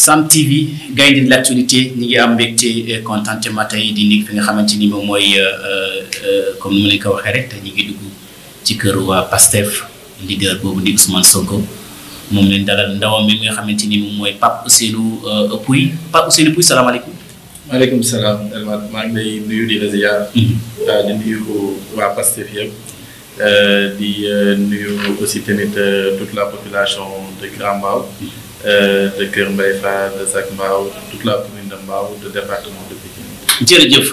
Sam TV gaynde de l'actualité ñi ngi am mbégte kontaan te matin di nekk fi nga xamante ni moom mooy euh, euh, comme ni ma leen ko waxee rek te ngi dugg ci kër waa PASTEF leader boobu di Ousmane Sonko moom leen dalal ndawam mi nga xamante ni moom mooy Pape Ousseynou euh, Pouye Pape Ousseynou Pouye salaamaaleykum. maaleykum salaam Elmat maa ngi lay nuyu di la ziar. Mhm. di nuyu waa PASTEF yëpp. di nuyu aussi tamit toute la population de Grand Mbao. Mhm. Euh, de Kër Mbaye Fall de Zac Mbao de toute la commune de Mbao de département de Pikine.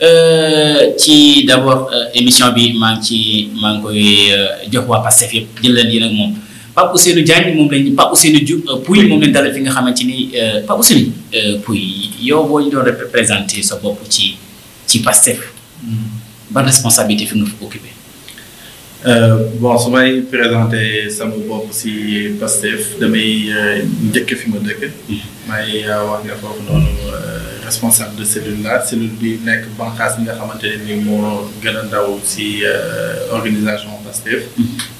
Euh, ci d'abord euh, émission bi maa ngi ci maa ngi koy jox waa Pastef yëpp jël leen yéen ak moom Pape Ousseynou Diagne moom lañ Pape moom dalal fi nga xamante ni Pape Ousseynou Pouy yow boo ñu doon représenté sa bopp ci ci Pastef mm-hmm. responsabilité fi nga fi occupé. Euh, bon su may présenté sama bopp si Pastef damay euh, njëkk fi ma dëkk. may euh, wax nga foofu noonu responsable de cellule la cellule bi nekk banqaas bi nga xamante ne ni moo gën a ndaw si organisation Pastef.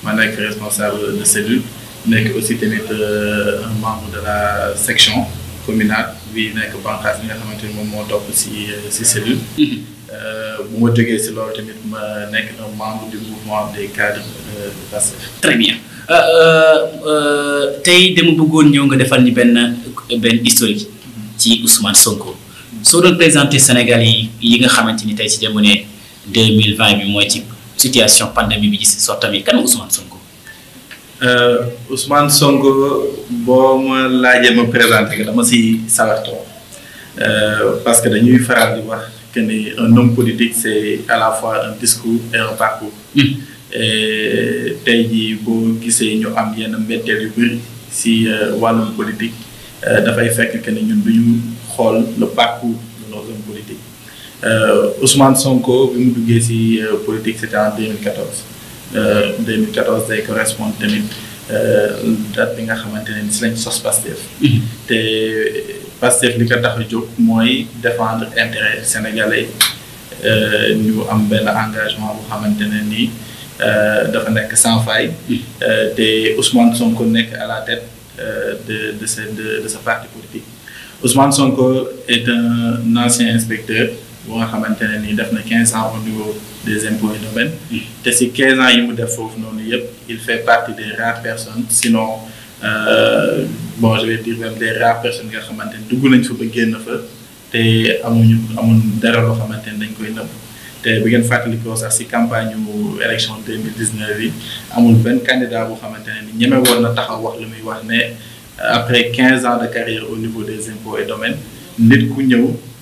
ma nekk responsable de cellule. nekk aussi tamit un membre de la section communale. bi nekk bànqaas bi nga xamante ni moom moo topp si si cellule. Euh, bu ma jógee si loolu tamit ma nekk na membre du mouvement des cadres euh, Pastef. très bien euh, tey dama bëggoon ñëw nga defal ñu benn benn historique ci Ousmane Sonko. soo doon présenté Sénégal yi yi nga xamante ni tey si jamono deux bi mooy ci situation pandémie bi ci sortam kan Ousmane Sonko. Euh, Ousmane Sonko boo ma laajee ma présenté dama si sawartoo euh, parce que dañuy faral di wax que un homme politique c'est à la fois un discours et un parcours. Mm. tey jii boo gisee ñu am yenn mbetteel yu bëri si euh, wàllum politique dafay fekk que ni ñun du ñu xool le parcours de nos hommes politiques Ousmane Sonko bi mu duggee si politique c'était en 2014 euh, day correspond tamit euh, date bi nga xamante ne ni si lañ sos Pastef mhm. te Pastef li ko tax a jóg mooy défendre intérêt sénégalais euh, ñu am benn engagement bu xamante ne nii dafa nekk sans faille mhm. te Ousmane Sonko nekk à la tête de de ce de parti politique Ousmane Sonko est un ancien inspecteur il nga xamante 15 def na ans au niveau des impôts et domaines te si 15 ans yi def il fait partie des rares personnes sinon euh, bon je vais dire même des rares personnes qui xamantene fait dugg nañ fa ba génn fa te amuñu amul dara loo xamantene dañ koy nëbb te bi ngeen fàttalikoo sax si campagne yu élection 2019 yi amul benn candidat boo xamante ne ni ñeme woon na taxaw wax wax après 15 ans de carrière au niveau des impôts et domaines nit ku ñëw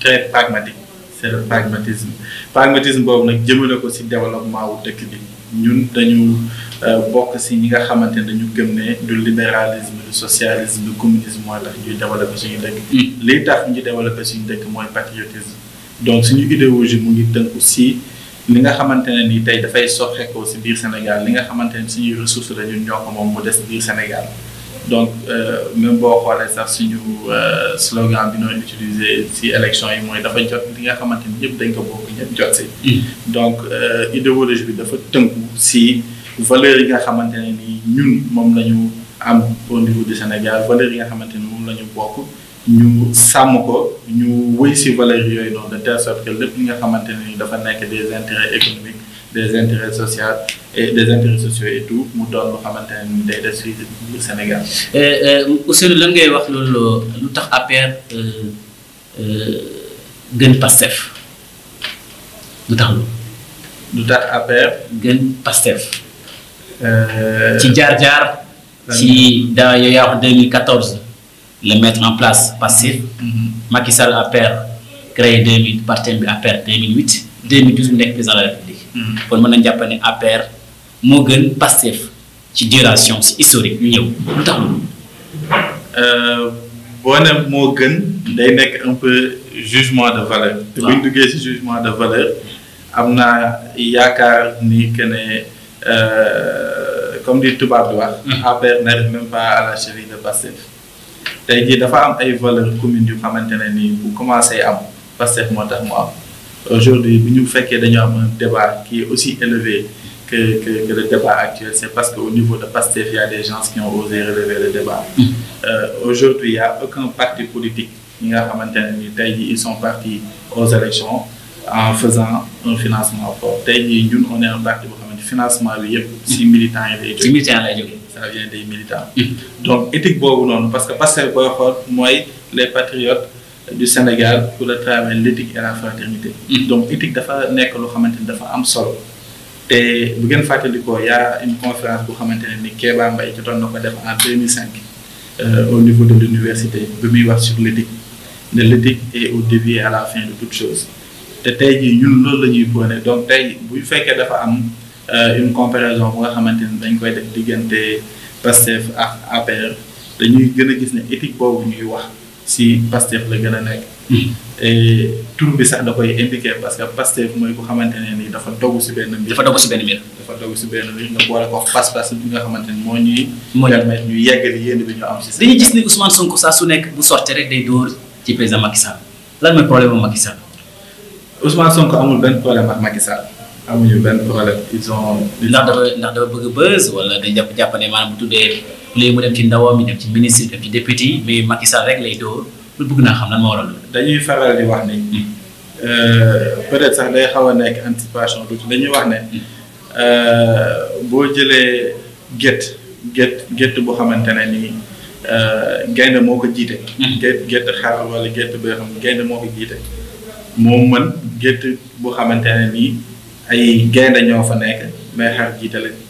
très pragmatique c' est le pragmatisme pragmatisme boobu nag jëmale ko si développement wu dëkk bi ñun dañu euh, bokk si ñi nga xamante ne dañu gëm ne du libéralisme du socialisme du communisme mooy tax ñuy développé suñu dëkk. Mm. liy tax ñu développé suñu dëkk mooy patriotisme donc suñu idéologie mu ngi tënk aussi li nga xamante ne ni tey dafay soxeekoo si biir Sénégal li nga xamante ne suñuy ressources la ñun ñoo ko moom mu des biir Sénégal. donc euh, même boo xoolee sax suñu euh, slogan bi nooy utiliser ci élection yi mooy dafa jot li nga xamante ni ñëpp dañ ko bokk ñëpp jot si. Mm. donc euh, idéologie bi dafa tënku si valeur yi nga xamante ne ni ñun moom la ñu am au niveau du Sénégal valeur yi nga xamante ni moom la ñu bokk ñu sàmm ko ñu wëy si valeur yooyu noonu de telle sorte que lépp li nga xamante ne ni dafa nekk des intérêts économiques des intérêts sociaux et des intérêts sociaux et tout mu doon lu xamante ne day des fii du Sénégal. Eh, eh, Ousseynou lan ngay wax euh, euh, loolu lu tax APR gën Pastef lu tax lu lu tax APR gën Pastef. ci jaar-jaar. ci daa yooyu yaa wax 2014 le mettre en place Pastef. Mm-hmm. Macky Sall APR créé 2000 parti bi APR 2008 2012 mu nekk président de la République. Mhm. kon mën nañ jàpp ne APR moo gën Pastef ci duration historique ñu ñëw lu tax loolu. Euh, boo ne moo gën day nekk un peu jugement de valeur. te buñ duggee si jugement de valeur am naa yaakaar ni que ne euh, comme dit tubaab di wax. Mhm. APR n'arrive même pas à la chérie de Pastef. tey jii dafa am ay valeurs communes yu xamante ne nii bu commencé am Pastef moo tax mu am aujourd'hui nous faisons un débat qui est aussi élevé que que le débat actuel c'est parce qu'au niveau de Pasteur, il y a des gens qui ont osé relever le débat mm. euh, aujourd'hui il n'y a aucun parti politique qui a xamante ils sont partis aux élections en faisant un financement fort Nous, on est un parti boo un financement bi si militants yi lay si militants ça vient des militants. Mm. donc éthique non, parce que Pasteur, moi, les patriotes. du Sénégal pour le travail l'éthique et la fraternité mm-hmm. donc éthique dafa nekk loo xamante ni dafa am solo te bu ngeen fàttalikoo y'a une conférence bu xamante ne ni Kéba Mbaye jotoon na ko def en 2005 euh, au niveau de l'université bi wax sur l'éthique ne l'éthique est au début et à la fin de toute chose te tey jii ñun loolu la ñuy prôné donc tey bu fekkee dafa am euh, une comparaison bu nga xamante ni dañ koy def diggante Pastef ak APR dañuy gën a gis ne éthique boobu ñuy wax si Pastef la gën a nekk. Hmm. et tur bi sax da koy indiqué parce que Pastef mooy ko xamante nii ni dafa dogu si benn mbir. dafa dogu si benn mbir. dafa dogu si benn mbir nga boole ko moo ñuy. moo ñuy permettre ñu yeggali yéen bi ñu am gis ni Ousmane Sonko saa su nekk bu sorti rek day dóor ci président Macky Sall lan mooy problème mu Macky Sall. Ousmane Sonko amul benn problème ak Macky Sall. amuñu benn problème ils ont. ndax dafa ndax dafa bëgg buzz wala day jàpp jàpp ne maanaam bu tuddee. lii mu dem ci ndawam mi dem ci ministre dem ci député yi mais Macky rek lay dóor lu bëgg naa xam lan moo waral loolu. dañuy faral di wax ne hmm. euh, peut-être sax day xaw a nekk anticipation ci dañuy wax ne hmm. euh, boo jëlee gétt gétt gétt boo xamante ne nii euh, gaynde moo ko jiite. gétt hmm. gétt xar wala gétt boo xam gaynde moo ko jiite moom mën gétt boo xamante ne nii ay gaynde ñoo fa nekk mais xar jiite lañ.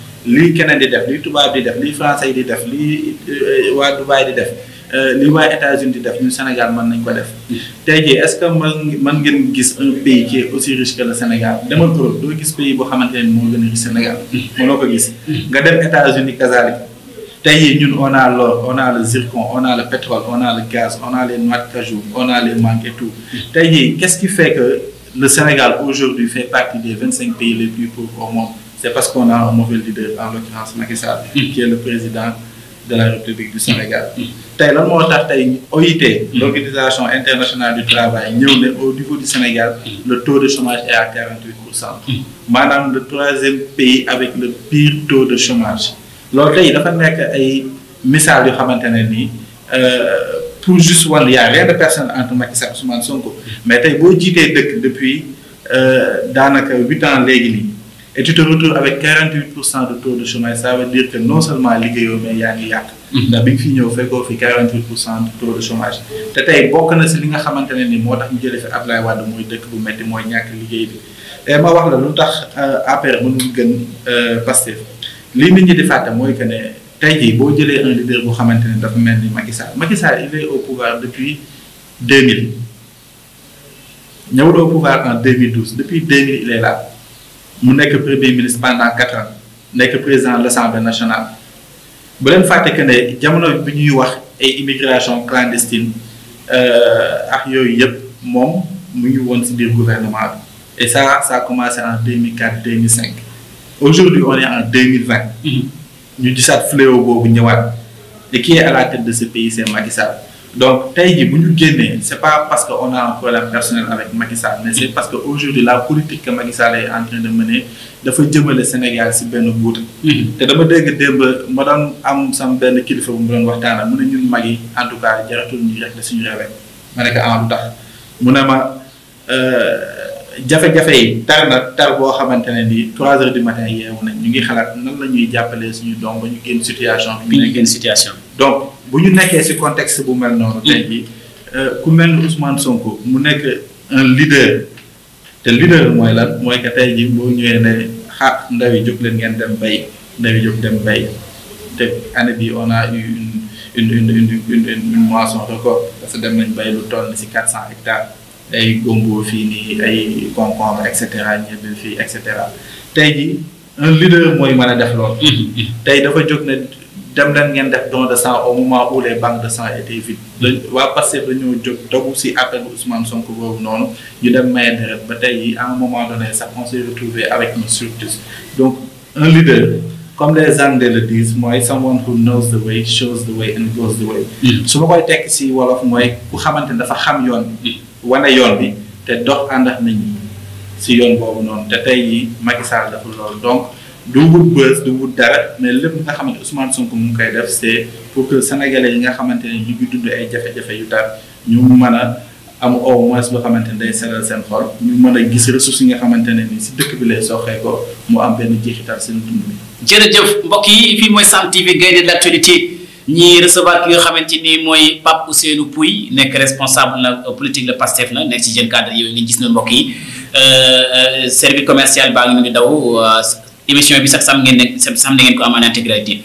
Lui keneen di def lii tubaab di def lii français di def lii euh, waa Dubaï di def euh, lii waa États-Unis di def ñun Sénégal mën nañ ko def tey jii est-ce que mën mën ngeen gis un pays qui est aussi riche que le Sénégal demal Europe doo gis pays boo xamante ne moo gën a riche Sénégal mënoo ko gis nga dem États-Unis kazaalika tey jii ñun on a l'or on a le zircon on a le pétrole on a le gaz on a les noix de cajou on a les mangue et tout tey jii qu'est-ce qui fait que le Sénégal aujourd'hui fait partie des 25 pays les plus pauvres au monde c'est parce qu'on a un mauvais leader, en l'occurrence Macky Sall, mm. qui est le président de la République du Sénégal. Mm. L'OIT, mm. l'organisation internationale du travail au niveau du Sénégal. le taux de chômage est à 48 Madame le troisième pays avec le pire taux de chômage. L'OIT, il dafa nekk ay message de xamante euh, pour juste il n'y a rien de personne entre Macky Sall Ousmane Sonko mais tey a de depuis euh, dans 8 ans léegi et tu te retrouves avec 48 de taux de chômage ça veut dire que non seulement liggéeyoo mais yaa ngi yàq. Mm-hmm. ndax bi nga fi ñëw fekkoo fi 48 de taux de chômage te tey bokk na si li nga xamante ne ni moo tax ñu jëlee fi Ablaye Wade mooy dëkk bu métti mooy ñàkk liggéey bi. et eh, ma wax la lu tax euh, APR mënul gën euh, Pastef lii nit ñi di fàtte c'est que ne tey jii boo un leader bu xamante ne dafa mel ni Macky Sall Macky Sall il est au pouvoir depuis 2000 ñëwul au pouvoir en 2012 depuis 2000 il est là mu nekk premier ministre pendant 4 ans nekk président de l'Assemblée nationale bu leen fàtte que ne jamono bi ñuy wax ay immigration clandestine euh, ak yooyu yëpp mu gouvernement et ça a commencé en 2004 2005 aujourd'hui on est en 2020 mm-hmm. ñu gisaat fléau boobu ñëwaat et qui est à la tête de ce pays c'est Macky Donc, Taïdi, ce n'est pas parce qu'on a un problème personnel avec Macky mais c'est parce qu'aujourd'hui, la politique que Macky Sall est en train de mener, il faut dire le Sénégal si ben bout. Et je me dis que madame am sam benn kilifa le fait me waxtana mu ñun magi en tout cas jaratul ñu rek la suñu réwé mané ka am ah, tax mu ne ma euh, jafé jafé yi tar na tar bo xamantene ni 3h du matin yéw nañ ñu ngi xalat nan lañuy jappalé suñu doom ba ñu génn situation bi ñu génn situation donc bu ñu nekkee ci contexte bu mel noonu mm. tay bi euh, ku mel Ousmane Sonko mu nekk un leader te leader mooy lan mooy que tey ji boo ñëwee ne ah ndaw yi jóg leen ngeen dem bay ndaw yi jóg dem bay te année bi on a eu une une une une une moisson record parce que dem nañ bay lu toll ni si quatre hectares ay gombo fii nii ay concombre et cetera ñebe fii et cetera tey jii un leader mooy mën a def lool. Mm-hmm, mm-hmm. tey dafa jóg ne dem nañ ngeen def don de sang au moment où les banques de sang étaient vides. Mm-hmm. dañ waa Pastef dañoo jóg dogu si appel Ousmane Sonko boobu noonu ñu dem maye deret ba tey jii à un moment donné sax on s'est retrouvé avec une surprise donc un leader. comme les Anglais le disent mooy someone who knows the way shows the way and goes the way. su ma koy tekk si wolof mooy ku xamante ne dafa xam yoon wane yoon bi te dox ànd ak si yoon boobu noonu te tey jii Macky Sall dafa loolu donc du wut bës du wut dara mais lépp nga xamante Ousmane Sonko mu ngi koy def c'est pour que sénégalais yi nga xamante ne nii ngi dund ay jafe-jafe yu tar ñu mën a am au moins loo xamante ne day seral seen xol ñu mën a gis ressources yi nga xamante ne ni si dëkk bi lay sooxee ko mu am benn jeexital seen dund bi. jërëjëf mbokk yi fii mooy Sam TV Gaïndé de l'actualité ñii recevoir ki nga xamante nii mooy Pape Ousseynou Pouy nekk responsable nag politique la Pastef na nekk si jeune cadre yooyu nga gis na mbokk yi euh, euh, service commercial baa ngi ni daw euh, émission bi sax sam ngeen ne sam ngeen ko am en intégralité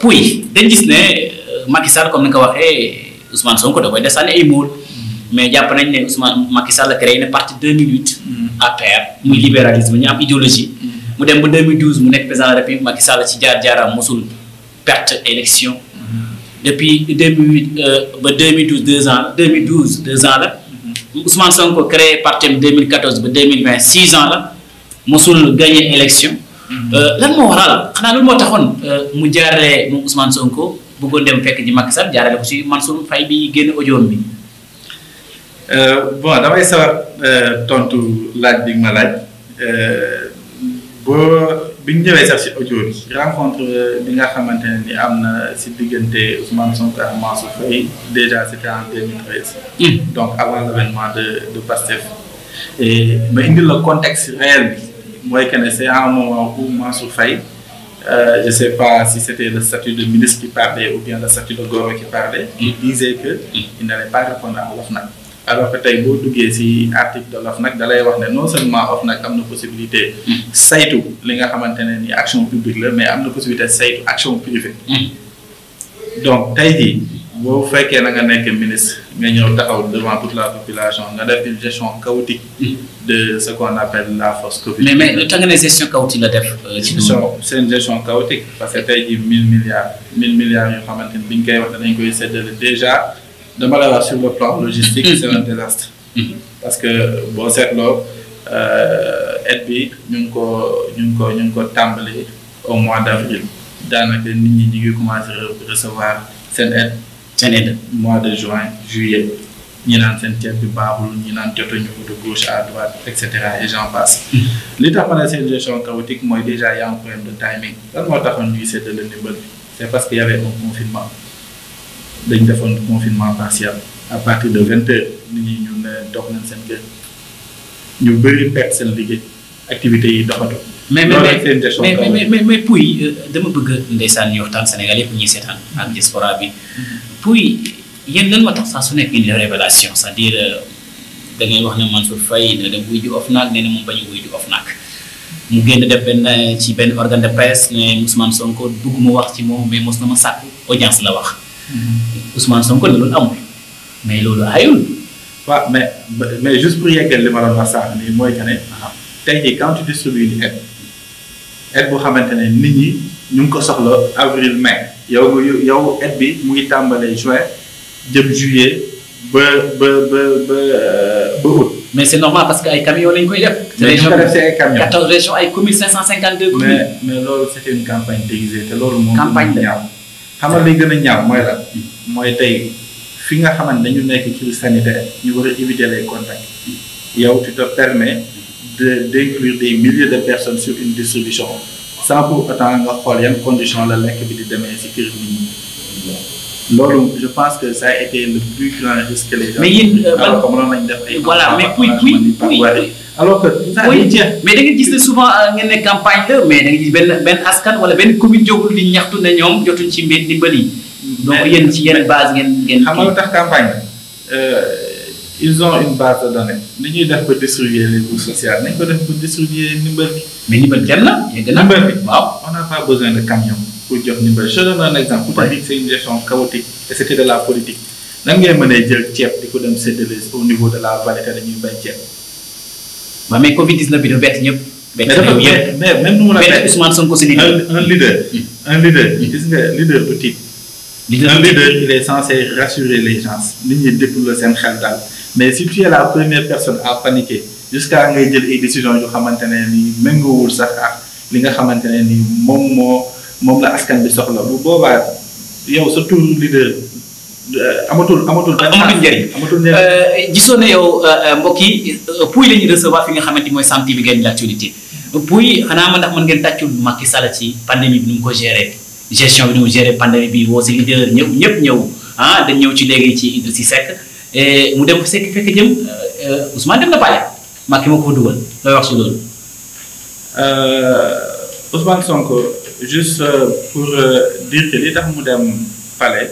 Pouy dañ gis ne Macky Sall comme ni nga ko waxee Ousmane ko da koy desandi ay mool mm-hmm. mais jàpp nañ ne Ousmane Macky Sall créé na parti 2008 APR muy libéralisme ñu am idéologie mu dem ba 2012 mu nekk président de la République Macky Sall ci jaar-jaaram mosul perte élection mm-hmm. depuis 2008 euh, ba 2012 deux ans 2012 deux ans la mm-hmm. Ousmane Sonko créé parti am 2014 ba 2020 six ans la mosul gagné élection. Mm-hmm. Euh, lan moo waral xanaa loolu moo taxoon euh, mu jaarale moom Ousmane Sonko bëggoon dem fekk ji Macky Sall jaarale ko si Mansour Faye bi génn audio bi. bon damay sawar tontu laaj bi ma laaj. Je rencontre euh, bi nga Ousmane Sonko déjà c'était en 2013. Hmm. donc avant l'avènement de Pastef. Mais le le contexte réel moi mooy un moment où Mansour euh, je sais pas si c'était le statut de ministre qui parlait ou bien le statut de gouvernement qui parlait. Hmm. il disait qu'il hmm. il n'allait pas répondre à l'OFNAC. alors que tey boo duggee ci article de l'OFNAC dalay wax ne non seulement OFNAC am na possibilité saytu li nga xamante ne ni action publique la mais am na possibilité saytu action privée mm-hmm. donc tey jii boo fekkee na nga nekk ministre nga ñëw taxaw devant toute la population nga def une gestion chaotique mm-hmm. de ce qu'on appelle la force Covid. mais mais ta nga ne gestion chaotique la def. Euh, ci c'est une gestion parce que tey jii mille milliards mille milliards yoo xamante ni bi ñu koy wax danañ koy séddale déjà. dama sur le plan logistique c'est un désastre parce que bon, c'est euh, là, bi ñu ngi ko ñu au mois d'avril daanaka nit ñi ñu ngi commencé recevoir seen aide seen mois de juin juillet ñi naan seen ceeb bi baaxul à naan de gauche à droite etc., et j'en passe L'état de la gestion chaotique moi, déjà il y a un problème de timing lan moo taxoon ñuy séddale le bi c'est parce qu'il y avait un confinement dañ defoon confinement partiel à partir de vingt heures nit ñi ñu ne dox nañ seen kër ñu bëri perte seen liggéey activité yi doxatu. mais mais mais mais Pouy euh, dugg bëgg ndeysaan ñu waxtaan Sénégal yëpp ñuy seetaan ak diaspora bi Pouy yéen lan moo tax saa su nekk une euh, wax ne Mansour Faye ne wuy ji OFNAC nee bañ wuy ji OFNAC mu génn def benn ci benn organe de presse ne Ousmane Sonko bëgguma wax ci moom mais mos na ma sàkku audience la wax. Ousmane mm-hmm. Sonko lolu amul mais lolu ayul. wa mais mais juste pour yeggal li ma doon wax sànq nii mooy que ne ah. tey quand tu distribues une aide aide boo xamante nit ñi ñu ko soxlo avril mai. yow yow aide bi mu ngi tàmbalee juin jëm juillet ba ba ba ba ba août. mais c'est normal parce que ay camions lañ koy def. c'est ñu ko def ay camions quatorze régions ay 1552 communes. mais mais lolu c'était une campagne déguisée te lolu moom. campagne xam nga li gën a ñaaw mooy la mooy tey fi nga xamante dañu nekk crise sanitaire ñu war a éviter les contacts yow tu te permets de d'inclure des milliers de personnes sur une distribution sans pour autant nga xool yan condition la lekk bi di demee si kër nit ñi loolu je pense que ça a été le plus grand risque les gens mais yéen ban euh, voilà mais puis puis puis alors que. oui mais da ngeen gis ne souvent euh, ngeen ne campagne la mais da nga gis benn benn askan wala benn commune jógul di ñaxtu ne ñoom jotuñ ci mbir ndimbal yi. donc yéen ci yenn base ngeen ngeen. xam nga lu tax campagne euh, ils ont une base de données. ni ñuy def ba distribuer les ko def pour distribuer ndimbal bi. mais ndimbal kenn na ndimbal waaw. on n'a pas besoin de camion pour jox ndimbal je donne un exemple. pour dire que c'est une gestion chaotique et de la politique nan ngay mën a jël ceeb di ko dem séddale au niveau de la vallée te dañuy mais mais Covid 19 bi dafa bett ñëpp. mais même nous mu la bett Ousmane Sonko c'est leader. un leader hmm. un leader. gis nga leader du tiit. un leader il est censé rassurer les gens nit ñi déglu la seen xel dal mais si tu es la première personne à paniquer jusqu'à ngay jël ay décision yu xamante ni nii méngoowul sax ak li nga xamante ni nii moom moo la askan bi soxla bu boba yow surtout leader. Euh, amatul amatul amatul njëriñ amatul njëriñ euh, gisoo na yow euh, mbokk yi Pouy la ñuy recevoir fi nga xamante ni mooy Sam TV Gaïndé l'actualité Pouy xanaa ma ndax mën ngeen mag Macky Sall ci pandémie bi nu mu ko géré gestion bi nu mu géré pandémie bi woo si leader ñëpp ñëpp ñëw ah dañ ñëw ci léegi ci Idrissa Seck mu dem Seck fekk jëm Ousmane dem na Palais Macky moo ko fa dugal looy wax si loolu. Ousmane Sonko juste pour dire que li tax mu dem Palais.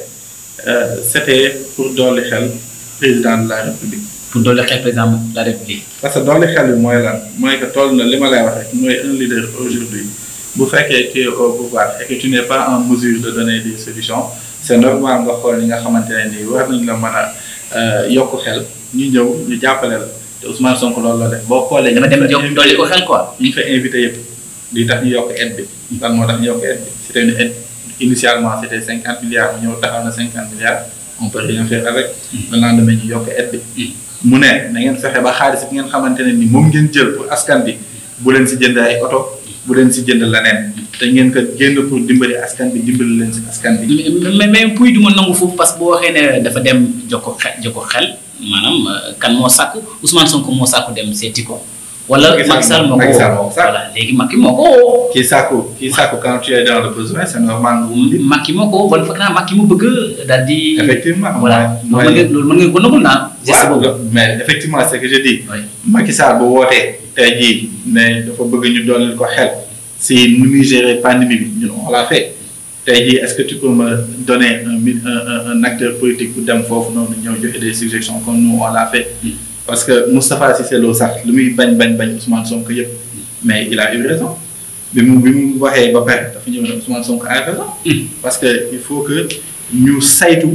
Euh, c'était pour dolli xel président de la république. pour dolli xel président de la république. parce que dolli xel moi, mooy lan que toll na li ma un leader aujourd'hui bu que tu es au pouvoir et que tu n'es pas en mesure de donner des solutions c'est normal nga xool ñi nga xamante ne war nañ la mën a euh, yokk xel ñu ñëw ñu jàppale la Ousmane Sonko loolu la def boo xoolee. dama dem yokk dolli ko xel quoi. ñu fa invité yëpp di tax ñu yok aide bi. lan moo tax ñu yok aide c'était une aide. initialement c'était cinquante milliards mu ñëw na cinquante milliards on peut rien faire avec le lendemain ñu yokk aide bi mu ne na ngeen fexe ba xaalis bi ngeen xamante ni moom ngeen jël pour askan bi bu si jënd ay oto bu si jënd leneen te ngeen ko génn pour dimbali askan bi dimbali leen si askan bi mais mais puy du pas nangu foofu parce dafa dem joko joko xel kan moo usman Ousmane Sonko moo dem seeti wala Macky Sall moo ko voilà léegi Macky moo ko sako, quand tu es dans le besoin c'est normal nga wundi. Macky moo ko woo wala fekk naa di. effectivement voilà mën nga loolu mën nga ko nangul naa. mais effectivement c'est que je dis. oui Macky Sall bu wootee tey jii ne dafa bëgg ñu dooleel ko xel si nu muy gérer pandémie bi on l'a fait tey jii est-ce que tu peux me donner un un un acteur politique pour dem fofu noonu ñeu joxe des suggestions comme nous on l'a fait. Hmm. parce que Moustapha Cissé Lo sax lu muy bañ bañ bañ Ousmane Sonko yëpp mais il a eu raison bi mu bi mu waxee ba pare dafa ñëw ne Ousmane Sonko a hmm. parce que il faut que ñu saytu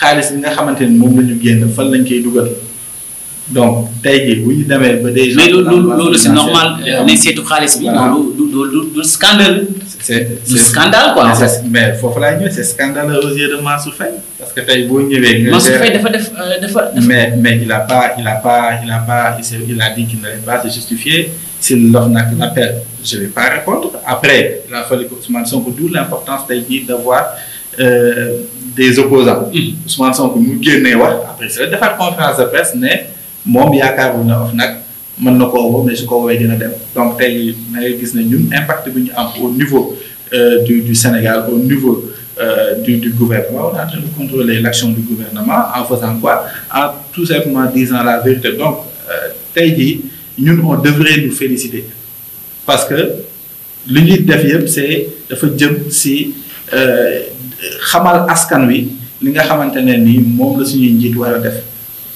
xaalis bi nga xamante ni moom la ñu génn fan lañ koy dugal. donc tay jii bu ñu demee ba des. mais loolu loolu c'est normal. nañ euh, seetu xaalis bi. loolu du du du scandale. c'est c'est scandale quoi. mais foofu laay ñëw c'est scandale aux yeux de Mansour Faye. parce que tey boo ñëwee. Mansour Faye dafa def euh, dafa. mais mais il a pas il a pas il a pas il a dit qu'il n'allait pas se justifier s'il l'on n'a l'appel je vais pas répondre après il a fallu que Ousmane Sonko d'où l'importance tey jii d'avoir euh, des opposants mm. Ousmane Sonko mu génnee wax après c'est defar conférence de presse ne moom yaakaarul na of nag mën na koo woo mais su ko woowee dina dem donc tey na ngay gis ne ñun impact bi ñu am au niveau euh, du du Sénégal au niveau euh, du du gouvernement on a en de contrôler l'action du gouvernement en faisant quoi en tout simplement disant la vérité donc euh, tey jii ñun on devrait nous féliciter parce que li ñuy def yëpp c'est dafa jëm si xamal askan wi li nga xamante ne ni moom la suñu njiit war a def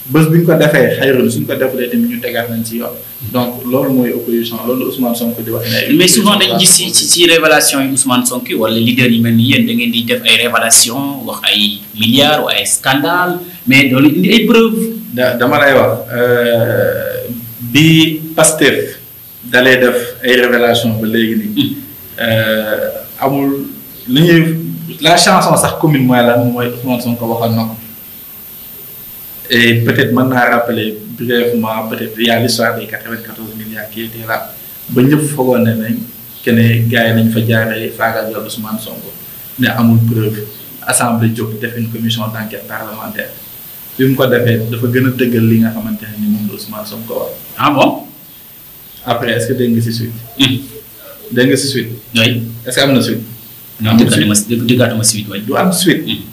bés bu ñu ko defee xayrul suñ ko defulee tamit ñu tegaat nañ ci yoon. donc loolu mooy opposition loolu Ousmane Sonko di wax ne. mais souvent dañ gis ci ci révélation yi Ousmane Sonko wala leader yi mel ni yéen da ngeen di def ay révélation wax ay milliards ay scandale mais doolu indi ay preuves. da dama lay wax euh, bi Pasteur dalee def ay révélation ba léegi nii hmm. euh, amul li ñuy la chanson sax commune mooy lan mooy Ousmane Sonko waxal na ko. et peut-être mën naa rappeler brièvement peut-être y a l'histoire des 94 milliards qui étaient là ba ñëpp foogoon ne nañ que ne gars yi nañ fa jaaree faagaagal Ousmane Sonko ne amul preuve assemblée jóg def une commission d'enquête parlementaire bi mu ko defee dafa gën a dëggal li nga xamante ne ni moom la Ousmane Sonko wax. ah bon. après est-ce que dégg nga si suite. Hmm. dégg nga si suite. oui est-ce que am na suite. am na suite suite waay. du am suite. Hmm.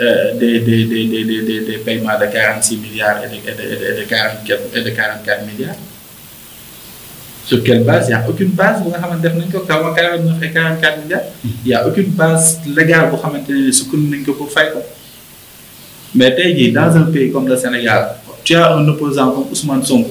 Euh, des, des, des, des, paiements de 46 milliards et de, 44, et de 44 milliards. Sur quelle base Il n'y a aucune base. Vous savez, 44 milliards. Il n'y a aucune base légale pour vous faire. Mais dans un pays comme le Sénégal, tu as un opposant comme Ousmane Sonko.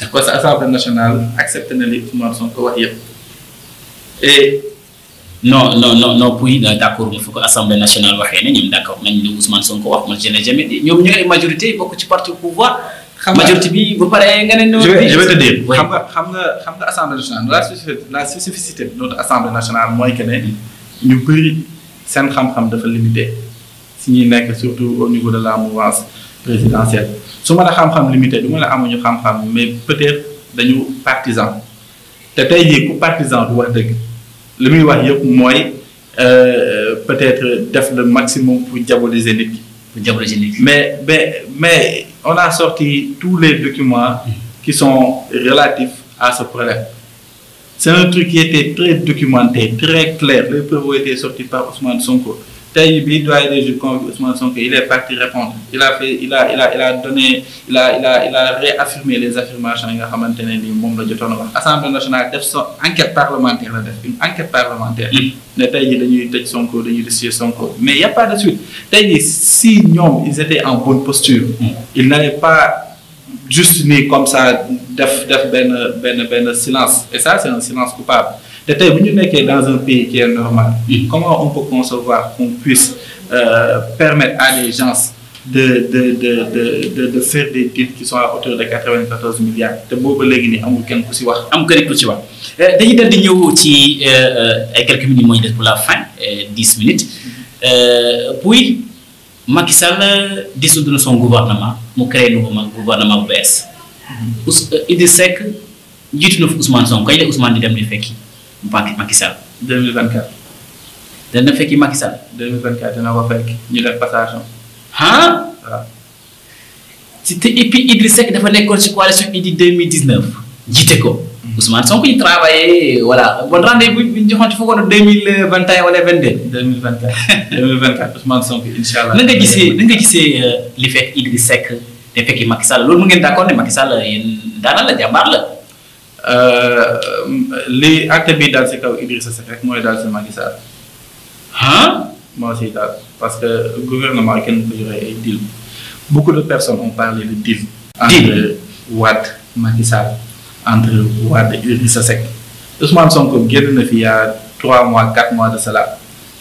D'accord, que assemblée nationale accepte na li Ousmane Sonko et. non non non non oui, d'accord, il faut que que assemblée nationale waxee ne ni d'accord, mais nous, nous Ousmane Sonko wax je n'ai jamais dit avons une majorité bokk ci parti pouvoir. xam majorité bi bu paree nga ne. je vais je vais te dire xam nga xam assemblée nationale la spécificité de notre assemblée nationale mooy que ne mm. ñu bëri seen xam-xam dafa limité si ñuy nekk surtout au niveau de la mouvance présidentielle. Je ne sais xam-xam limité du ma un amuñu xam-xam mais peut-être dañu partisan te tey jii partisan du wax dëgg li muy wax euh, peut-être def le maximum pour diaboliser nit pour diaboliser nit mais mais mais on a sorti tous les documents qui sont relatifs à ce problème. C'est un truc qui était très documenté, très clair. Les preuves ont été sorties par Ousmane Sonko tey bi doyen des juges convoqué Ousmane Sonko il est parti répondre il a fait il a il a il a donné il a il a il a réaffirmé les affirmations yi nga xamante ne ni moom la jotoon a wax assemblée nationale def son enquête parlementaire la def une enquête parlementaire. son code, jii dañuy tëj Sonko dañuy restituer Sonko mais il y a pas de suite tey si ñoom ils étaient en bonne posture. Mm. ils n'allaient pas juste ni comme ça def def ben, ben, ben, silence et ça c'est un silence coupable te tey bu dans un pays qui est normal comment on peut concevoir qu'on puisse euh, permettre à des gens de de de de de faire des titres qui sont à hauteur de 94 C'est milliards te booba léegi dire, amul kenn ku ci wax. amul kenn ku ci wax euh, di ñëw ci euh, euh, quelques minutes pour la fin 10 minutes puis Macky Sall dissoudre son gouvernement mu créé nouveau gouvernement bu bees. Mm-hmm. Idrissa Seck jiitu na fi Ousmane Sonko kay Ousmane di dem di fekki. Macky Sall 2024 na fekki Macky Sall 2024 dana ko fekk ñu def passation hein? ah waaw ci te et puis Idriss Seck dafa nekkoon si coalition Idy 2019 jité ko mm. Ousmane Sonko ñu travaillé voilà bon rendez-vous bi ñu joxoon ci foogoon 2021 wala 22 2024 2024 Ousmane Sonko inshallah allah nga gisee na nga gisee euh, li fekk Idriss Seck te fekki Macky Sall loolu mu ngeen d'accord ne Macky Sall yéen daanaka la jàmbaar la Euh, li acte bi daal si kaw Idrissa Seck rek mooy daal si Macky Sall moo si daal parce que gouvernement kenn ko joxe ay deal beaucoup de personnes ont parlé de deal entre Wade Macky Sall entre Wade Idrissa Seck Ousmane Sonko génn na fi yaa trois mois quatre mois de cela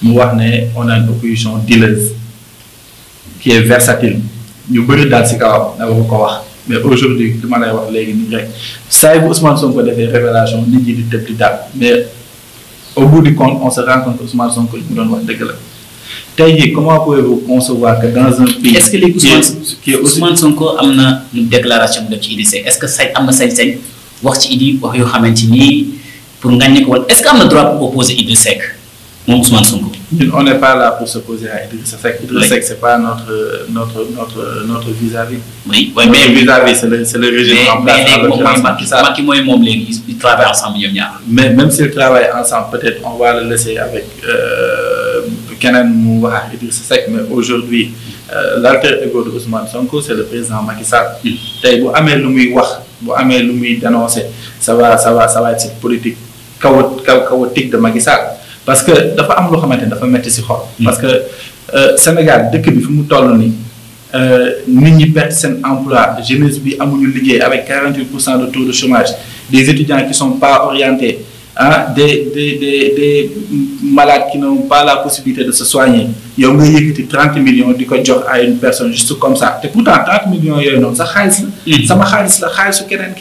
mu wax ne on a une opposition dileuse qui est versatile ñu bëri daal si kawam dafa ko wax mais aujourd'hui li lay wax léegi nii rek saa bu Ousmane Sonko defee révélation nit ñi di tëb di daal mais au bout du compte on se rend compte que Ousmane Sonko li mu doon wax dëgg la tey jii comment pouvez-vous concevoir que dans un pays. est-ce que Ousmane qui est Ousmane Sonko am na une déclaration bu def ci Idy est-ce que ça, am na sañ-sañ wax ci Idy wax yoo xamante ni pour ngañ ko wala est-ce que am na droit pour opposer idée sec Ousmane Sonko. on n'est pas là pour s'opposer à Idrissa Seck. Idrissa Seck c'est pas notre notre notre notre vis-à-vis. oui mais vis-à-vis c'est le le régime en place. mais mais moom mais ils travaillent ensemble mais même s'ils travaillent ensemble peut-être on va le laisser avec euh, keneen mu wax ak Seck mais aujourd'hui euh, l'alter ego de Ousmane Sonko c'est le président Macky Sall. tey bu amee lu muy wax bu amee lu muy ça va ça va ça va être cette politique chaotique chaotique de Macky Sall parce que dafa am loo xamante dafa metti si xol. Mm. parce que euh, Sénégal dëkk bi fi mu toll nii euh, nit ñi perte seen emploi jeunesse bi amuñu liggéey avec 48 de taux de chômage des étudiants qui sont pas orientés hein, des des des des malades qui n'ont pas la possibilité de se soigner yow nga yëkkati 30 millions de ko jox à une personne juste comme ça te pourtant 30 millions yooyu noonu Ça xaalis la. Mm. sama xaalis la xaalisu keneen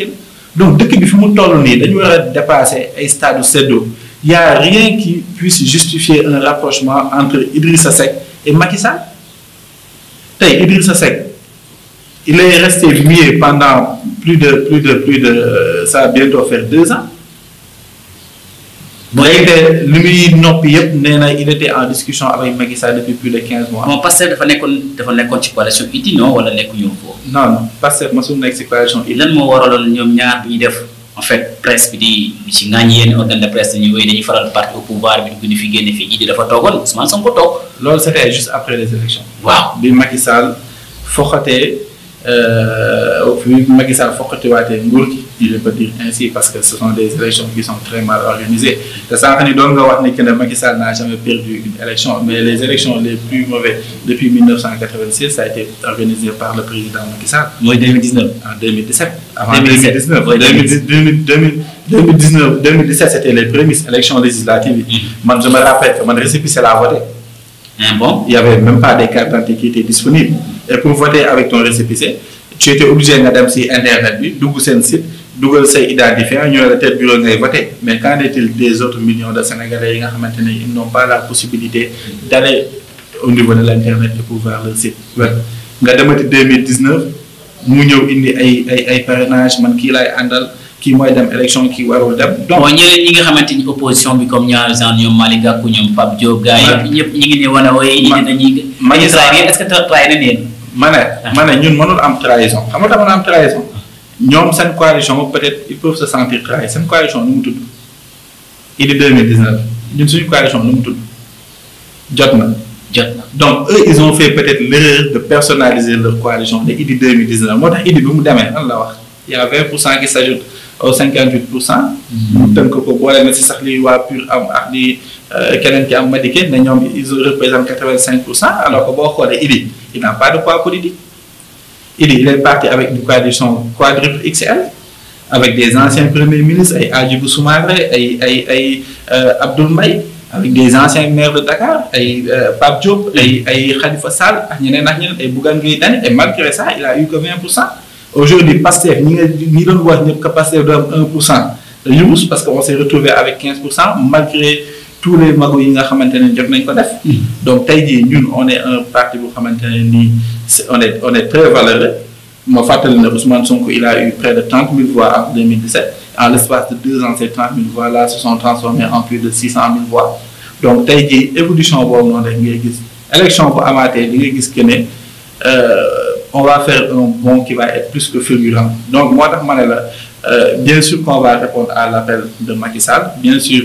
donc dëkk bi fi mu toll nii dañu war a dépasser ay stade seddoo. Il n'y a rien qui puisse justifier un rapprochement entre Idrissa Seck et Macky Sall. Idrissa Seck, il est resté muet pendant plus de, plus de, plus de, euh, ça a bientôt faire deux ans. de lui il était en discussion avec Macky Sall depuis plus de 15 mois. non Pastef dafa nekkoon dafa une ci coalition il non wala une foofu. non non Pastef masul nekk ci coalition Idy. lan moo waraloon ñoom ñaar bi ñu def en fait presse bi di ci ngaañ yenn organe de presse dañuy wéy dañuy faral parti au pouvoir bi dugg fi génne fi Idy dafa togon Ousmane Sonko tok loolu c'était juste après les élections. waaw bi Macky Sall foxaté euh, au vu Macky Sall fokkati nguur je peux dire ainsi parce que ce sont des élections qui sont très mal organisées ça a ni donc nga que n'a jamais perdu une élection mais les élections les plus mauvaises depuis 1986 ça a été organisé par le président Macky Sall. 2019 en 2017. avant 2019 2019 2017 c'était les premières élections législatives mm-hmm. je me rappelle que c'est récépissé voté. Ah bon il n'y avait même pas des cartes d'identité disponibles pour voter avec ton récépissé tu étais obligé nga internet bi dugg seen site dugal say identifiant ñu ne la tête bureau ngay voter. mais qu'en est-il des autres millions de sénégalais yi nga xamante ils n'ont pas la possibilité d'aller au niveau de l'Internet et pouvoir le site web nga demati 2019 mu ñëw indi ay ay ay parrainage man kii laay àndal kii mooy dem élection kii warul dem. donc mooy ñeneen ñi nga xamante opposition bi comme ñaar genre ñoom Malick Gakou ñoom Pape Diop. gars yi ñëpp ñu ngi ne wane wooyee. ñi ne dañuy. est-ce que trahi na leen mané ne ñun mënul am trahison xam nga dama am trahison ñom sen coalition peut-être ils peuvent se sentir trahis sen coalition ñu mu Il est 2019 ñun suñu coalition ñu nous tudd jot na. donc eux ils ont fait peut-être l'erreur de personnaliser leur coalition de idi 2019 motax tax idi bi mu demee lan wax il y a 20 qui s'ajoute aux 58 Donc, cent. mu mm-hmm. tënk ko boole mais c'est sax li wa PUR am ak li. Euh, quelqu'un qui am Madické ne ils représentent 85%, vingt cinq alors que il n'a pas de poids politique il est parti avec une coalition quadruple XL avec des anciens premiers ministres et Hadjibou Soumaré ay ay ay euh, Abdoul Mbaye avec des anciens maires de Dakar ay euh, Pape Diop et, ay Khalifa Sall et ñeneen ak ay Bougane Gueye Dany et malgré ça il a eu que 20% aujourd'hui Pasteur, ñi nga ñi doon wax ñëpp que de 1%. am parce qu'on s'est retrouvé avec 15% malgré tous les magos yi nga ne jot mm-hmm. donc tey nous on est un parti bu xamante ni on est on est très valeureux ma fàttali na Ousmane Sonko il a eu près de 30 000 voix en 2017 en l'espace de deux ans ces 30 000 voix là se sont transformées en plus de 600 000 voix donc tey évolution boobu noonu rek ngay gis élection bu euh, on va faire un bon qui va être plus que fulgurant donc moi, tax euh, bien sûr qu'on va répondre à l'appel de Macky bien sûr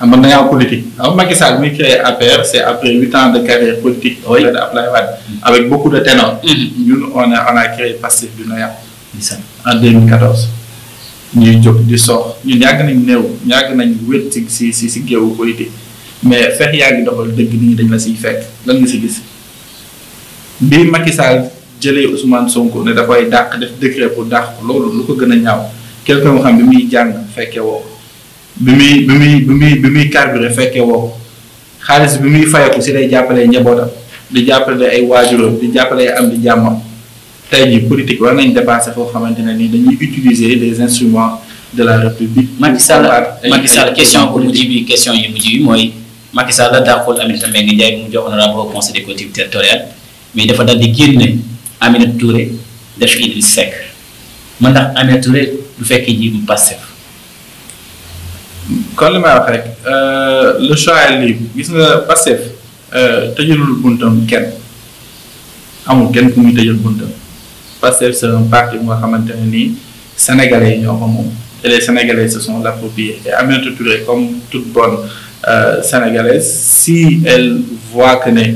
xam nga da ngaa politique ah, Macky Sall mi créé APR c'est après 8 ans de carrière politique. oui de Abdoulaye Wade avec beaucoup de ténors. Mm-hmm. ñun on a on a créé Pastef du Noyat. en 2014. ñu jóg di soox ñu ñag nañ néew ñag nañ wét ci ci ci si politique mais fex yaa ngi doxal dëgg nit dañ la ci fek lan nga ci gis. bi Macky Sall jëlé Ousmane Sonko ne fay dàq def décret pour dàq loolu lu ko gën a ñaaw quelqu'un xam bi muy jàng fekkee woo bimi bimi bimi bimi di ay di am di politique war nañ dépassé dañuy utiliser des instruments de la république. Macky Sall Macky Sall question question yi Macky Sall Aminata mu au conseil des mais di Aminata Touré man Aminata Touré ji mu kon li may wax rek euh, le choix est libre gis nga Pastef euh, tëjalul buntam kenn amul kenn ku muy tëjal buntam Pastef c'est un parti bu nga xamante ne nii sénégalais yi ñoo ko moom et les sénégalais se sont l'approprié et Aminata Touré comme toute bonne euh, sénégalaise si elle voit que ne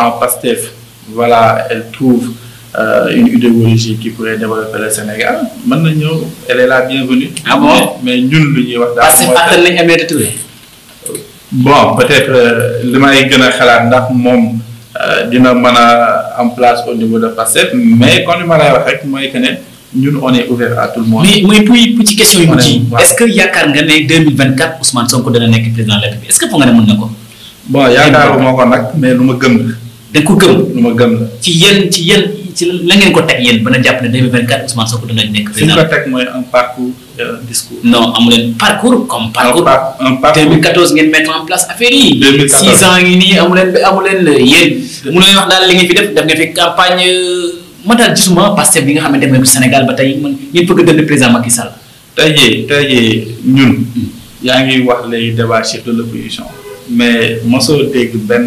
en Pastef voilà elle trouve euh, une idéologie qui pourrait développer le Sénégal mën na elle est la bienvenue. ah bon mais ñun lu ñuy wax. daal mooy parce que Aminata Touré. bon peut-être euh, li may gën la xalaat ndax moom euh, dina mën a am place au niveau de passe, mais quand li ma lay wax rek mooy que ñun on est ouvert à tout le monde. mais oui, puis question yu est-ce que Yakar nga ne 2024 Ousmane Sonko dana nekk président de la République est-ce que foog nga ne mën ko. bon yaakaaruma ko nag mais lu ma gëm la. da nga ko gëm. lu gëm ci yéen ci ci la ngeen ko teg yéen ba na jàpp ne 2024 Ousmane Sonko dinañ nekk. président fi ñu ko teg mooy un parcours discours. non amu parcours comme parcours. un parcours ngeen mettre en place affaire yi. 2014 6 ans yi nii amu leen amu leen yéen. mu leen wax daal li ngeen fi def def ngeen fi campagne euh, ma daal gisuma bi nga xamante ne mooy Sénégal ba tey man ñun fëgg dënd président Macky Sall. tey jii tey ñun. yaa ngi wax léegi débat chef de l'opposition mais mosoo dégg benn.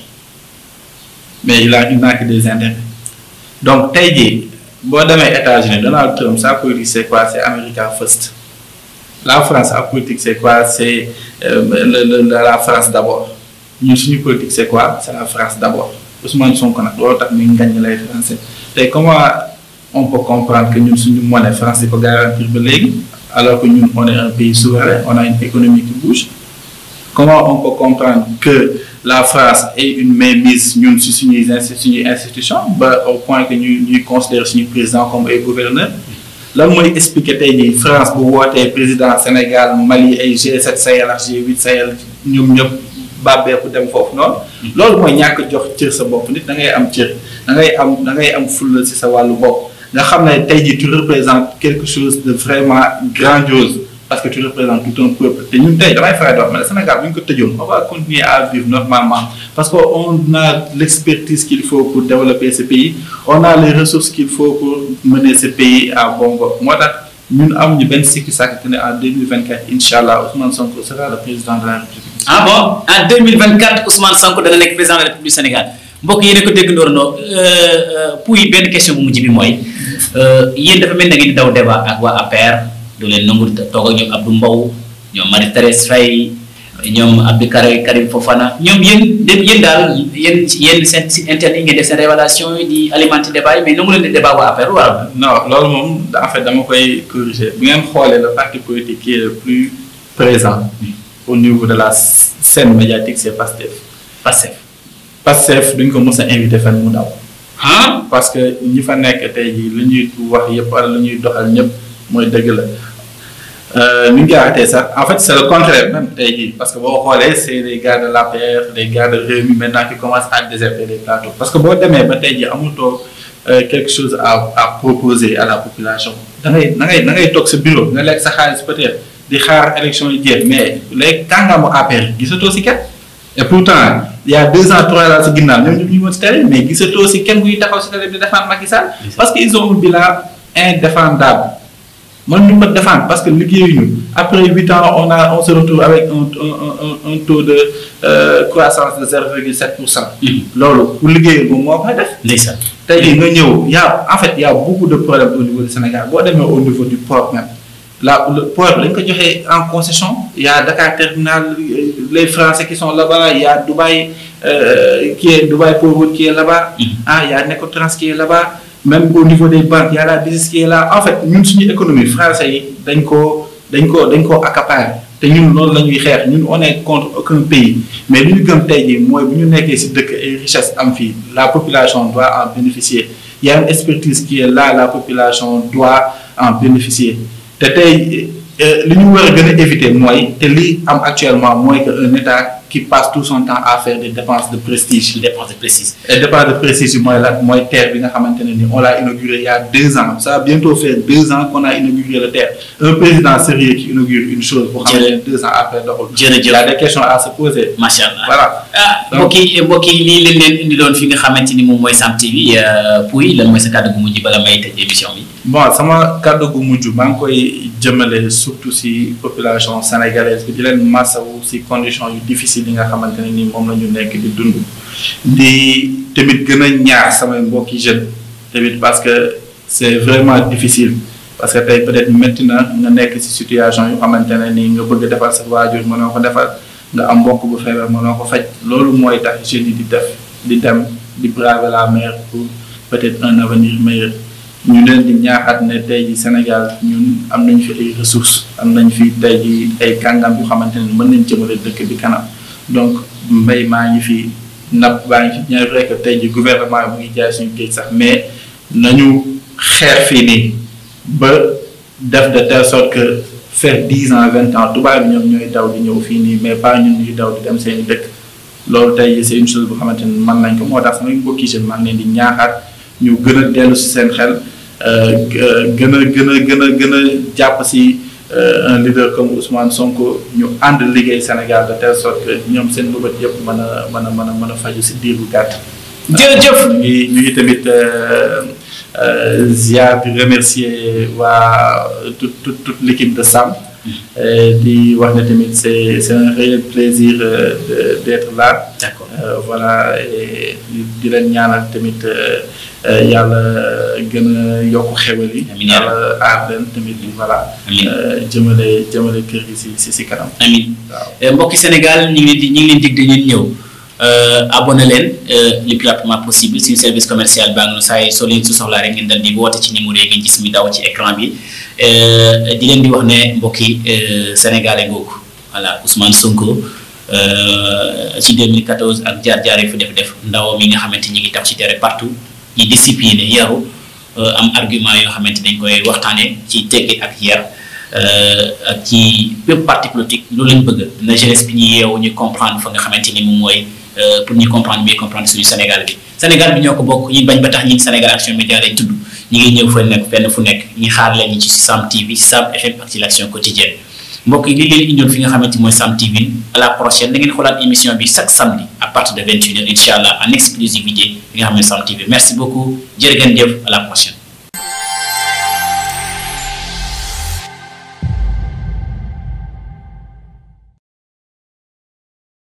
mais il a il n'a que des intérêts donc Taïdi, bon, dans États-Unis Donald Trump sa politique c'est quoi c'est America first la France sa politique c'est quoi c'est euh, la France d'abord nous sommes politique c'est quoi c'est la France d'abord Ousmane Sonko nous nous tax les français Mais comment on peut comprendre que nous sommes moins France Français ko garantir le alors que nous on est un pays souverain on a une économie qui bouge comment on peut comprendre que la France est une mainmise ñun si suñuy institution au point que nous considérons considérer président comme un gouverneur lan mooy expliquer que la France bu le président Sénégal Mali et G7 Sahel G8 Sahel ñoom ñëpp bàbbeeku dem foofu noonu. Hmm. loolu mooy ñàkk jox cër sa bopp nit da ngay am cër da ngay am da ngay am fulla si sa wàllu bopp nga xam ne tu représentes quelque chose de vraiment grandiose parce que tu représentes tout un peuple Et nous, Sénégal on va continuer à vivre normalement parce qu'on a l'expertise qu'il faut pour développer ce pays on a les ressources qu'il faut pour mener ce pays à bon port Moi, tax ñun amuñu benn sikki va ne en 2024 InshaAllah. Ousmane Sanko sera le président de la République. ah bon en 2024 Ousmane Sanko sera le président de la République du Sénégal Bon, yi ne ko dégg Ndorndor euh, euh, Pouy benn question bu dis. Il y a dafa mel na ngeen di daw débat ak à APR du leen nangul togo ñom Abdou mbaw ñom Marie Thérèse fay ñom Abdou karay Karim Fofana ñom yeen lépp yeen dal yeen yeen seen internet yi ngeen def seen révélation yi di alimenter débat mais nangu le débat wa affaire wa non loolu moom en fait dama koy corriger bu ngeen xolé le parti politique qui est le plus présent au niveau de la scène médiatique c'est Pastef. Pastef Pastef duñ ko mës a invité fan mu daw. ah parce que ñi fa nek tay ji lu ñuy wax yépp wala lu ñuy doxal ñëpp mooy dëgg la. Euh, nous arrêté en fait c'est le contraire même parce que vous c'est les gars de l'APR les gars de maintenant qui commencent à déserter les plateaux parce que euh, quelque chose à proposer à la population da ngay da bureau vous avez sa peut-être mais et pourtant il y a deux ans trois ans mais parce qu'ils ont un bilan indéfendable man ñu pas défendre parce que liggéeyuñu après 8 ans on a on se retrouve avec un un un, un taux de euh, croissance de 0,7%. pour mm. mm. en fait il y' a beaucoup de problèmes au niveau du Sénégal bon au niveau du port même là le port lañ ko en concession il y' a Dakar Terminal euh, les Français qui sont là-bas il y' a Dubaï euh, qui est Dubaï Port qui est là-bas. Mm. ah y' a Necotrans qui est là-bas. même au niveau des banques y a la DGIS qui est là en fait ñun suñu économie français yi dañ koo dañ koo dañ ko accaparer te ñun loolu la ñuy xeex ñun on est contre aucun pays mais li ñu gëm tey jii mooy bu ñu nekkee ci dëkk ay richesse am fii la population doit en bénéficier y a une expertise qui est là la population doit en bénéficier te tey euh, li ñu war a gën a éviter mooy te lii am actuellement mooy que un état qui passe tout son temps à faire des dépenses de prestige. Des dépenses de prestige. Les dépenses de prestige, moi, la, moi terre, on l'a inauguré il y a deux ans. Ça a bientôt fait deux ans qu'on a inauguré la terre. Un président sérieux qui inaugure une chose pour ramener deux ans après. Il y a des questions à se poser. Machallah. Voilà. Ah, Donc, qu'il yi lii leen leen indi doon fi nga a ni moom mooy Sam TV euh, Pouy lan mooy sa kàddu gu mujj bala may tëj émission bi. bon sama kàddu gu mujj maa koy jëmale surtout si population sénégalaise bi di leen ou si conditions difficiles li nga xamante ni moom la ñu nekk di dund di tamit gën a ñaax samay mbokki jeune tamit parce que c'est vraiment difficile parce que tey peut-être métti nga nekk si situation yu xamante ne ni nga bëgg defal sa waajur mënoo ko defal nga am mbokk bu feebar mënoo ko faj loolu mooy tax jeunes yi di def di dem di braver la mer pour peut-être un avenir meilleur ñu leen di ñaaxaat ne tey ji Sénégal ñun am nañ fi ay ressources am nañ fi tey ji ay kàngam yu xamante ne mën nañ jëmale dëkk bi kanam donc mbay maa ngi fi napp baa ngi fi bien vrai tey ji gouvernement mu ngi jaay suñu géej sax mais nañu xeex fii nii ba def de telle sort que faire dix ans vingt ans tubaab bi ñoom ñooy daw di ñëw fii nii mais pas ñun ñuy daw di dem seeni dëkk loolu tey seen une chose bu xamante ni mën nañ ko moo tax sama mbokki jeune maa ngi leen di ñaaxaat ñu gën a dellu si seen xel euh, gën a gën a gën a gën a jàpp si Euh, un leader comme Ousmane Sonko ñu ànd liggéey Sénégal de telle sorte que ñoom seen bëbët yëpp mën a mën a mën a mën a faju si diir bu gàtt. jërëjëf euh, ñu ñu tamit euh, ziar di remercier waa tout toute toute l'équipe de SAM. Mm. di wax ne tamit c'est un réel plaisir d'être là. Euh, voilà di leen ñaanal tamit euh, yàlla gën a yokk xewal yi. yàlla aar leen tamit voilà. Euh, jëmale jëmale kër gi si si si Sénégal ñu di ñu ngi leen dig dañuy ñëw. abonné leen le plus service commercial baa ngi nu yi soo leen rek ngeen dal di ci numéro yi ngeen gis ci écran bi di leen di wax ne mbokki sénégalais googu voilà Ousmane Sonko. Euh, ci 2014 ak jaar-jaare fu def def ndawam mi nga xamante ñi ngi tax ci terrain partout ñi discipline yaru euh, am argument yoo xamante dañ koy waxtaanee ci tegge ak yar euh, ak ci bépp parti loolu lu lañ bëgg na jeunesse bi ñu yeewu ñu comprendre fa nga xamante ni moom mooy pour ñu comprendre mieux comprendre suñu Sénégal bi Sénégal bi ñoo ko bokk ñi bañ ba tax ñi Sénégal Action Média lay tudd ñi ngi ñëw fa nekk fenn fu nekk ñi xaar leen ci Sam TV Sam FM ak mbokk yi li leen indiwoon fi nga xamante mooy Sam TV la prochaine da ngeen xoolaat émission bi chaque samedi à partir de 21h incha allah en exclusivité fi nga xam ne merci beaucoup jërë ngeen jëf la prochaine.